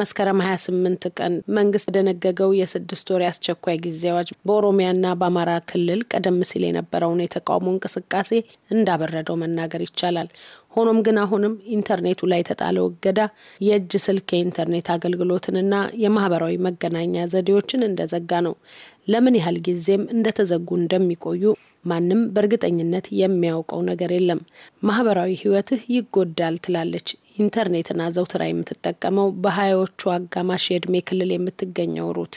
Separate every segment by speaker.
Speaker 1: መስከረም 28 ቀን መንግስት የደነገገው የስድስት ወር አስቸኳይ ጊዜ አዋጅ በኦሮሚያና በአማራ ክልል ቀደም ሲል የነበረውን የተቃውሞ እንቅስቃሴ እንዳበረደው መናገር ይቻላል። ሆኖም ግን አሁንም ኢንተርኔቱ ላይ የተጣለው እገዳ የእጅ ስልክ የኢንተርኔት አገልግሎትንና የማህበራዊ መገናኛ ዘዴዎችን እንደዘጋ ነው። ለምን ያህል ጊዜም እንደተዘጉ እንደሚቆዩ ማንም በእርግጠኝነት የሚያውቀው ነገር የለም። ማህበራዊ ህይወትህ ይጎዳል ትላለች ኢንተርኔትን አዘውትራ የምትጠቀመው በሀያዎቹ አጋማሽ የእድሜ ክልል የምትገኘው ሩት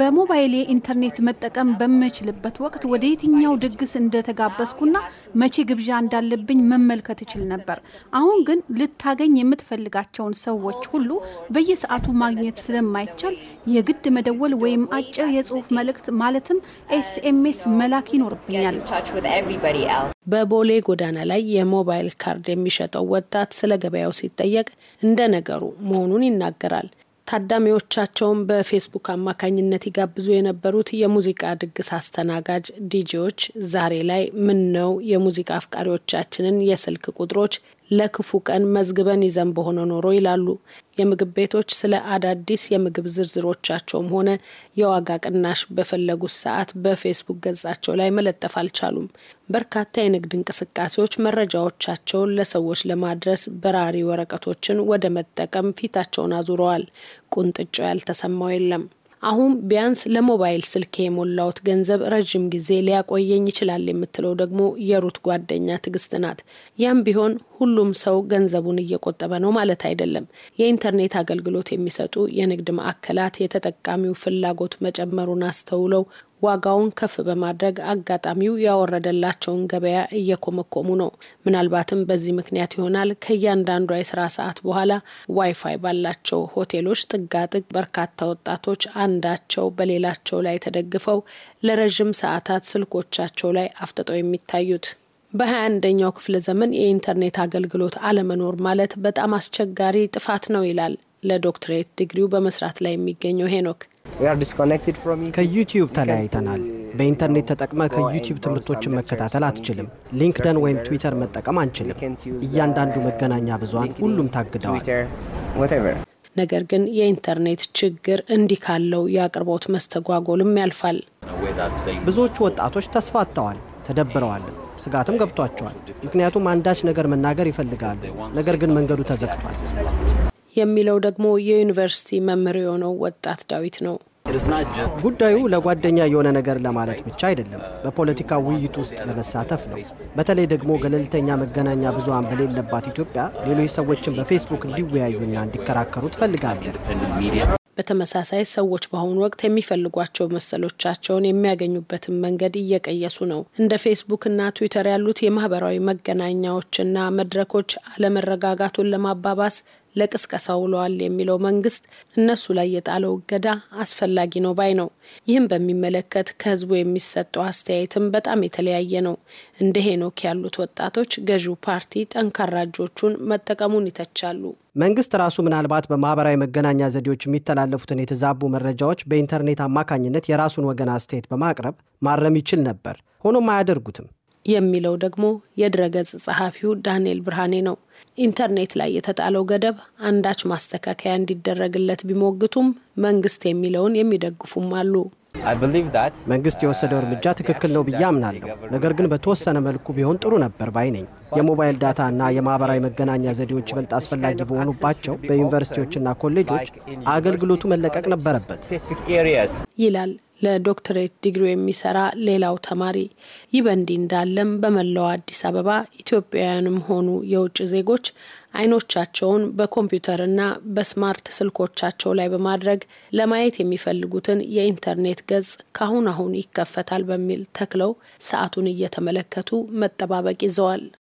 Speaker 1: በሞባይል የኢንተርኔት መጠቀም በምችልበት ወቅት ወደ የትኛው ድግስ እንደተጋበዝኩና መቼ ግብዣ እንዳለብኝ መመልከት እችል ነበር። አሁን ግን ልታገኝ የምትፈልጋቸውን ሰዎች ሁሉ በየሰዓቱ ማግኘት ስለማይቻል የግድ መደወል ወይም አጭር የጽሁፍ መልእክት ማለትም ኤስኤምኤስ መላክ ይኖርብኛል። በቦሌ ጎዳና ላይ የሞባይል ካርድ የሚሸጠው ወጣት ስለ ገበያው ሲጠየቅ እንደ ነገሩ መሆኑን ይናገራል። ታዳሚዎቻቸውን በፌስቡክ አማካኝነት ይጋብዙ የነበሩት የሙዚቃ ድግስ አስተናጋጅ ዲጄዎች ዛሬ ላይ ምን ነው የሙዚቃ አፍቃሪዎቻችንን የስልክ ቁጥሮች ለክፉ ቀን መዝግበን ይዘን በሆነ ኖሮ ይላሉ። የምግብ ቤቶች ስለ አዳዲስ የምግብ ዝርዝሮቻቸውም ሆነ የዋጋ ቅናሽ በፈለጉት ሰዓት በፌስቡክ ገጻቸው ላይ መለጠፍ አልቻሉም። በርካታ የንግድ እንቅስቃሴዎች መረጃዎቻቸውን ለሰዎች ለማድረስ በራሪ ወረቀቶችን ወደ መጠቀም ፊታቸውን አዙረዋል። ቁንጥጮ ያልተሰማው የለም። አሁን ቢያንስ ለሞባይል ስልክ የሞላውት ገንዘብ ረዥም ጊዜ ሊያቆየኝ ይችላል የምትለው ደግሞ የሩት ጓደኛ ትግስት ናት። ያም ቢሆን ሁሉም ሰው ገንዘቡን እየቆጠበ ነው ማለት አይደለም። የኢንተርኔት አገልግሎት የሚሰጡ የንግድ ማዕከላት የተጠቃሚው ፍላጎት መጨመሩን አስተውለው ዋጋውን ከፍ በማድረግ አጋጣሚው ያወረደላቸውን ገበያ እየኮመኮሙ ነው። ምናልባትም በዚህ ምክንያት ይሆናል ከእያንዳንዷ የስራ ሰዓት በኋላ ዋይፋይ ባላቸው ሆቴሎች ጥጋጥግ በርካታ ወጣቶች አንዳቸው በሌላቸው ላይ ተደግፈው ለረዥም ሰዓታት ስልኮቻቸው ላይ አፍጥጠው የሚታዩት። በሀያ አንደኛው ክፍለ ዘመን የኢንተርኔት አገልግሎት አለመኖር ማለት በጣም አስቸጋሪ ጥፋት ነው ይላል ለዶክትሬት ዲግሪው በመስራት ላይ የሚገኘው ሄኖክ
Speaker 2: ከዩቲዩብ ተለያይተናል። በኢንተርኔት ተጠቅመ ከዩቲዩብ ትምህርቶችን መከታተል አትችልም። ሊንክደን ወይም ትዊተር መጠቀም አንችልም። እያንዳንዱ መገናኛ ብዙን ሁሉም ታግደዋል።
Speaker 1: ነገር ግን የኢንተርኔት ችግር እንዲህ ካለው የአቅርቦት መስተጓጎልም ያልፋል።
Speaker 2: ብዙዎቹ ወጣቶች ተስፋ አጥተዋል፣ ተደብረዋልም፣ ስጋትም ገብቷቸዋል። ምክንያቱም አንዳች ነገር መናገር ይፈልጋሉ፣ ነገር ግን መንገዱ ተዘግቷል።
Speaker 1: የሚለው ደግሞ የዩኒቨርሲቲ መምህር የሆነው ወጣት ዳዊት ነው።
Speaker 2: ጉዳዩ ለጓደኛ የሆነ ነገር ለማለት ብቻ አይደለም። በፖለቲካ ውይይት ውስጥ ለመሳተፍ ነው። በተለይ ደግሞ ገለልተኛ መገናኛ ብዙሃን በሌለባት ኢትዮጵያ ሌሎች ሰዎችን በፌስቡክ እንዲወያዩና እንዲከራከሩ ትፈልጋለን።
Speaker 1: በተመሳሳይ ሰዎች በአሁኑ ወቅት የሚፈልጓቸው መሰሎቻቸውን የሚያገኙበትን መንገድ እየቀየሱ ነው። እንደ ፌስቡክ እና ትዊተር ያሉት የማህበራዊ መገናኛዎችና መድረኮች አለመረጋጋቱን ለማባባስ ለቅስቀሳ ውለዋል የሚለው መንግስት እነሱ ላይ የጣለው እገዳ አስፈላጊ ነው ባይ ነው። ይህም በሚመለከት ከህዝቡ የሚሰጠው አስተያየትም በጣም የተለያየ ነው። እንደ ሄኖክ ያሉት ወጣቶች ገዢው ፓርቲ ጠንካራ እጆቹን መጠቀሙን ይተቻሉ።
Speaker 2: መንግስት ራሱ ምናልባት በማህበራዊ መገናኛ ዘዴዎች የሚተላለፉትን የተዛቡ መረጃዎች በኢንተርኔት አማካኝነት የራሱን ወገን አስተያየት በማቅረብ ማረም ይችል ነበር። ሆኖም አያደርጉትም።
Speaker 1: የሚለው ደግሞ የድረገጽ ጸሐፊው ዳንኤል ብርሃኔ ነው። ኢንተርኔት ላይ የተጣለው ገደብ አንዳች ማስተካከያ እንዲደረግለት ቢሞግቱም መንግስት የሚለውን የሚደግፉም አሉ።
Speaker 2: መንግስት የወሰደው እርምጃ ትክክል ነው ብዬ አምናለሁ። ነገር ግን በተወሰነ መልኩ ቢሆን ጥሩ ነበር ባይ ነኝ። የሞባይል እና የማህበራዊ መገናኛ ዘዴዎች ይበልጥ አስፈላጊ በሆኑባቸው በዩኒቨርሲቲዎችና ኮሌጆች አገልግሎቱ መለቀቅ ነበረበት
Speaker 1: ይላል ለዶክተሬት ዲግሪ የሚሰራ ሌላው ተማሪ። ይህ በእንዲህ እንዳለም በመላው አዲስ አበባ ኢትዮጵያውያንም ሆኑ የውጭ ዜጎች አይኖቻቸውን በኮምፒውተርና በስማርት ስልኮቻቸው ላይ በማድረግ ለማየት የሚፈልጉትን የኢንተርኔት ገጽ ካሁን አሁን ይከፈታል በሚል ተክለው ሰዓቱን እየተመለከቱ መጠባበቅ ይዘዋል።